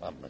Amen.